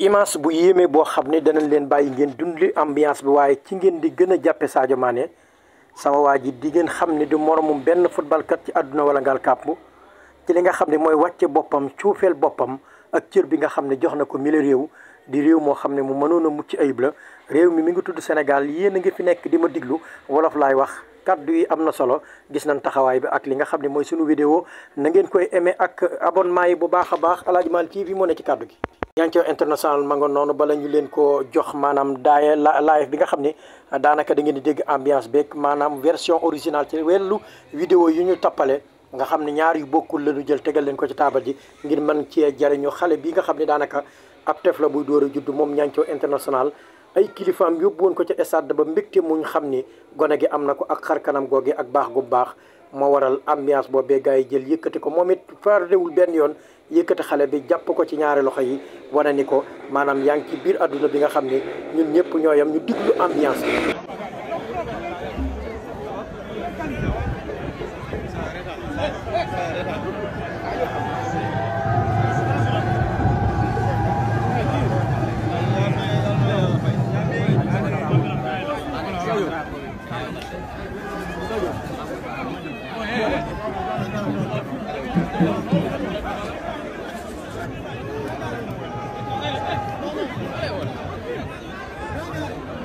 image bu yéemee boo xam ne danañ leen bàyyi ngeen dundli ambiance bi waaye ci ngeen di gën a jàppe Sadio Mané sama waa ji di ngeen xam ne du moromum benn footballkat ci àdduna wala ngal kàpp ci li nga xam ne mooy wàcce boppam cuufeel boppam ak cër bi nga xam ne jox na ko mille réew di réew moo xam ne mu mënoon a mucc ayib la réew mi mi ngi tudd Sénégal yéen a ngi fi nekk di ma diglu wolof laay wax kàddu yi am na solo gis nañ taxawaay bi ak li nga xam ne mooy sunu vidéo na ngeen koy aimé ak abonnement yi bu baax a baax Aladji Malick TV moo ne ci kaddu gi Dianthiou international ma nga noonu bala ñu leen ko jox maanaam daaye live bi nga xam ne daanaka da ngeen di dégg ambiance beeg maanaam version originale ci wàllu vidéo yu ñu tappale nga xam ne ñaar yu bokkul la ñu jël tegal leen ko ci taabal ji ngir mën cee jariñu xale bi nga xam ne daanaka ab tef la buy door a judd moom Dianthiou international ay kilifaam yóbbu woon ko ca estade ba mbégte muñ xam ni gone gi am na ko ak xar kanam googi ak baax gu baax moo waral ambiance boobee gars yi jël yëkkati ko moom it fardewul benn yoon yëkkati xale bi jàpp ko ci ñaari loxo yi wane ni ko maanaam yaa ngi ci biir àdduna bi nga xam ne ñun ñëpp ñooyam ñu diglu ambiance bi.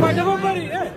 Vai, devo morrer, eh?